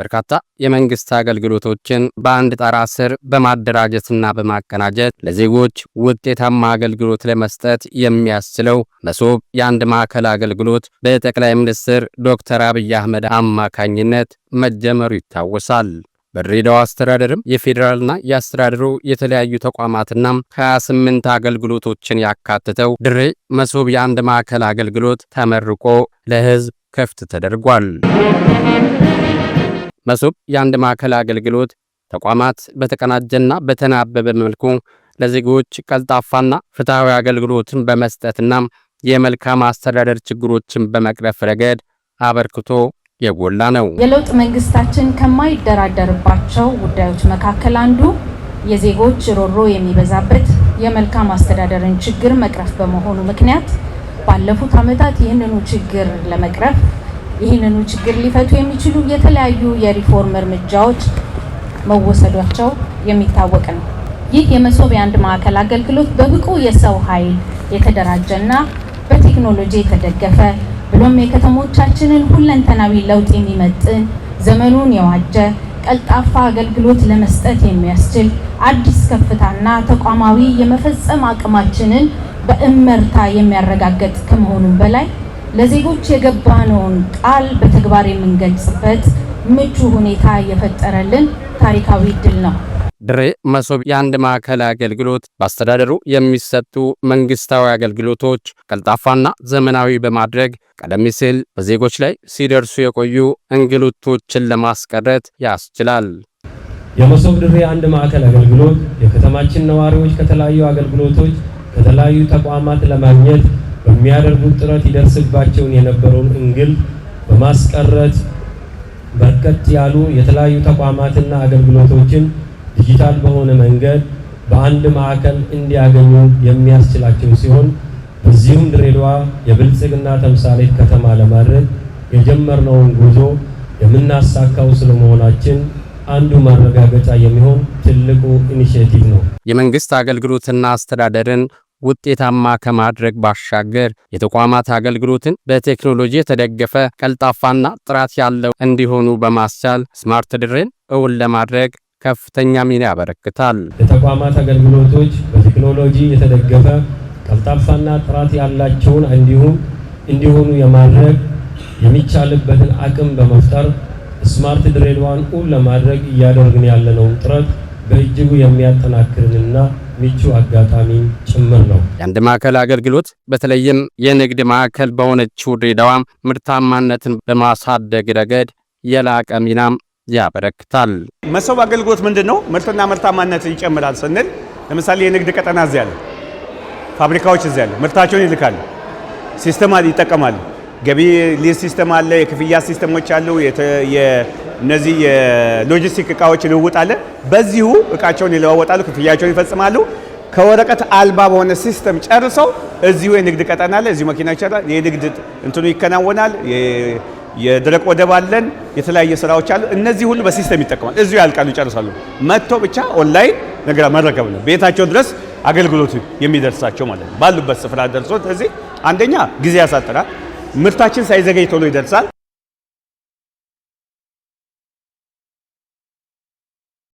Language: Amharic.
በርካታ የመንግስት አገልግሎቶችን በአንድ ጣራ ስር በማደራጀትና በማቀናጀት ለዜጎች ውጤታማ አገልግሎት ለመስጠት የሚያስችለው መሶብ የአንድ ማዕከል አገልግሎት በጠቅላይ ሚኒስትር ዶክተር አብይ አህመድ አማካኝነት መጀመሩ ይታወሳል። በድሬዳዋ አስተዳደርም የፌዴራልና የአስተዳደሩ የተለያዩ ተቋማትና 28 አገልግሎቶችን ያካትተው ድሬ መሶብ የአንድ ማዕከል አገልግሎት ተመርቆ ለህዝብ ክፍት ተደርጓል። መሶብ የአንድ ማዕከል አገልግሎት ተቋማት በተቀናጀና በተናበበ መልኩ ለዜጎች ቀልጣፋና ፍትሐዊ አገልግሎትን በመስጠትና የመልካም አስተዳደር ችግሮችን በመቅረፍ ረገድ አበርክቶ የጎላ ነው። የለውጥ መንግስታችን ከማይደራደርባቸው ጉዳዮች መካከል አንዱ የዜጎች ሮሮ የሚበዛበት የመልካም አስተዳደርን ችግር መቅረፍ በመሆኑ ምክንያት ባለፉት ዓመታት ይህንኑ ችግር ለመቅረፍ ይህንኑ ችግር ሊፈቱ የሚችሉ የተለያዩ የሪፎርም እርምጃዎች መወሰዷቸው የሚታወቅ ነው። ይህ የመሶብ የአንድ ማዕከል አገልግሎት በብቁ የሰው ኃይል የተደራጀና በቴክኖሎጂ የተደገፈ ብሎም የከተሞቻችንን ሁለንተናዊ ለውጥ የሚመጥን ዘመኑን የዋጀ ቀልጣፋ አገልግሎት ለመስጠት የሚያስችል አዲስ ከፍታና ተቋማዊ የመፈጸም አቅማችንን በእመርታ የሚያረጋግጥ ከመሆኑም በላይ ለዜጎች የገባነውን ቃል በተግባር የምንገልጽበት ምቹ ሁኔታ እየፈጠረልን ታሪካዊ ድል ነው። ድሬ መሶብ የአንድ ማዕከል አገልግሎት በአስተዳደሩ የሚሰጡ መንግስታዊ አገልግሎቶች ቀልጣፋና ዘመናዊ በማድረግ ቀደም ሲል በዜጎች ላይ ሲደርሱ የቆዩ እንግልቶችን ለማስቀረት ያስችላል። የመሶብ ድሬ አንድ ማዕከል አገልግሎት የከተማችን ነዋሪዎች ከተለያዩ አገልግሎቶች ከተለያዩ ተቋማት ለማግኘት በሚያደርጉት ጥረት ይደርስባቸውን የነበረውን እንግል በማስቀረት በርከት ያሉ የተለያዩ ተቋማትና አገልግሎቶችን ዲጂታል በሆነ መንገድ በአንድ ማዕከል እንዲያገኙ የሚያስችላቸው ሲሆን በዚሁም ድሬዳዋ የብልጽግና ተምሳሌት ከተማ ለማድረግ የጀመርነውን ጉዞ የምናሳካው ስለመሆናችን አንዱ ማረጋገጫ የሚሆን ትልቁ ኢኒሽቲቭ ነው። የመንግስት አገልግሎትና አስተዳደርን ውጤታማ ከማድረግ ባሻገር የተቋማት አገልግሎትን በቴክኖሎጂ የተደገፈ ቀልጣፋና ጥራት ያለው እንዲሆኑ በማስቻል ስማርት ድሬን እውን ለማድረግ ከፍተኛ ሚና ያበረክታል። የተቋማት አገልግሎቶች በቴክኖሎጂ የተደገፈ ቀልጣፋና ጥራት ያላቸውን እንዲሁም እንዲሆኑ የማድረግ የሚቻልበትን አቅም በመፍጠር ስማርት ድሬዳዋን እውን ለማድረግ እያደረግን ያለነውን ጥረት በእጅጉ የሚያጠናክርንና ምቹ አጋጣሚ ጭምር ነው። የአንድ ማዕከል አገልግሎት በተለይም የንግድ ማዕከል በሆነችው ድሬዳዋ ምርታማነትን በማሳደግ ረገድ የላቀ ሚናም ያበረክታል። መሰብ አገልግሎት ምንድን ነው? ምርትና ምርታማነትን ይጨምራል ስንል ለምሳሌ የንግድ ቀጠና እዚያ ያለ ፋብሪካዎች እዚያ ያለ ምርታቸውን ይልካሉ፣ ሲስተም ይጠቀማሉ። ገቢ ሊስ ሲስተም አለ፣ የክፍያ ሲስተሞች አሉ፣ እነዚህ የሎጂስቲክ እቃዎች ልውውጥ አለ። በዚሁ እቃቸውን ይለዋወጣሉ፣ ክፍያቸውን ይፈጽማሉ። ከወረቀት አልባ በሆነ ሲስተም ጨርሰው እዚሁ የንግድ ቀጠና አለ፣ እዚሁ መኪና ይቻላል፣ የንግድ እንትኑ ይከናወናል። የደረቅ ወደብ አለን፣ የተለያየ ስራዎች አሉ። እነዚህ ሁሉ በሲስተም ይጠቀማል። እዚሁ ያልቃሉ፣ ይጨርሳሉ። መጥቶ ብቻ ኦንላይን ነገር መረከብ ነው፣ ቤታቸው ድረስ አገልግሎት የሚደርሳቸው ማለት ነው። ባሉበት ስፍራ ደርሶ እዚህ አንደኛ ጊዜ ያሳጥራል፣ ምርታችን ሳይዘገይ ቶሎ ይደርሳል።